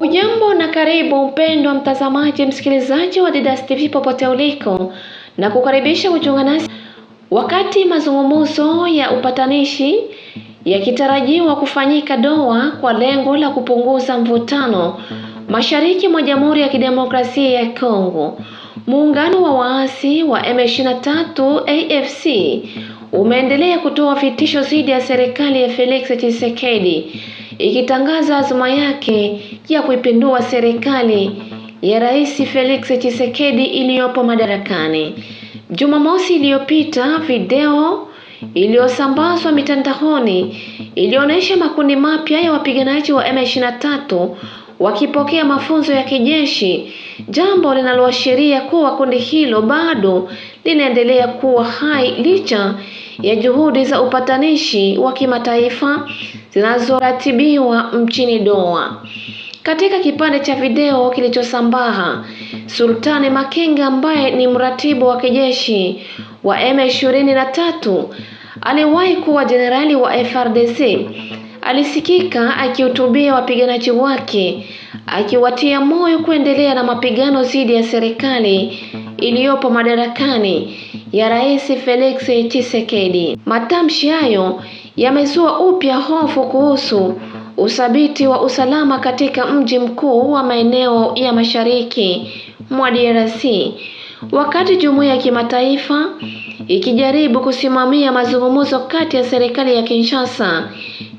Ujambo na karibu mpendwa mtazamaji, msikilizaji wa Didas TV popote uliko, na kukaribisha kujiunga nasi wakati mazungumzo ya upatanishi yakitarajiwa kufanyika Doha kwa lengo la kupunguza mvutano mashariki mwa Jamhuri ya Kidemokrasia ya Kongo. Muungano wa waasi wa M23 AFC umeendelea kutoa vitisho dhidi ya serikali ya Felix Tshisekedi ikitangaza azma yake ya kuipindua serikali ya Rais Felix Tshisekedi iliyopo madarakani. Jumamosi iliyopita, video iliyosambazwa mitandaoni ilionyesha makundi mapya ya wapiganaji wa M23 wakipokea mafunzo ya kijeshi, jambo linaloashiria kuwa kundi hilo bado linaendelea kuwa hai licha ya juhudi za upatanishi wa kimataifa zinazoratibiwa mchini Doha. Katika kipande cha video kilichosambaa, Sultani Makenga ambaye ni mratibu wa kijeshi wa M23 aliwahi kuwa jenerali wa frdc Alisikika akihutubia wapiganaji wake akiwatia moyo kuendelea na mapigano dhidi ya serikali iliyopo madarakani ya Rais Felix Tshisekedi. Matamshi hayo yamezua upya hofu kuhusu uthabiti wa usalama katika mji mkuu wa maeneo ya mashariki mwa DRC wakati jumuiya ya kimataifa ikijaribu kusimamia mazungumzo kati ya serikali ya Kinshasa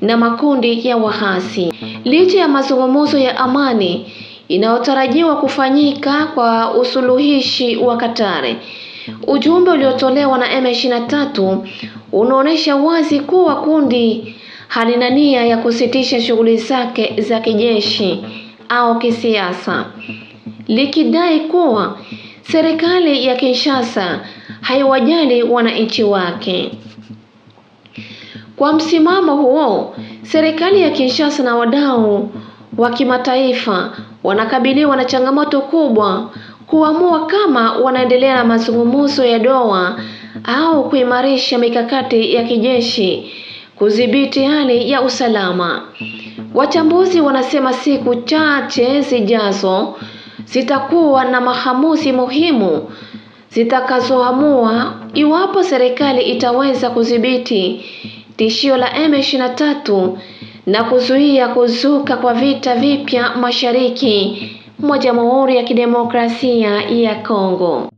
na makundi ya wahasi Licha ya mazungumzo ya amani inayotarajiwa kufanyika kwa usuluhishi wa Katari, ujumbe uliotolewa na M23 unaonesha wazi kuwa kundi halina nia ya kusitisha shughuli zake za kijeshi au kisiasa, likidai kuwa serikali ya Kinshasa haiwajali wananchi wake. Kwa msimamo huo, serikali ya Kinshasa na wadau wa kimataifa wanakabiliwa na changamoto kubwa kuamua kama wanaendelea na mazungumzo ya Doha au kuimarisha mikakati ya kijeshi kudhibiti hali ya usalama. Wachambuzi wanasema siku chache zijazo zitakuwa na mahamuzi muhimu zitakazoamua iwapo serikali itaweza kudhibiti tishio la M23 na kuzuia kuzuka kwa vita vipya mashariki mwa Jamhuri ya Kidemokrasia ya Kongo.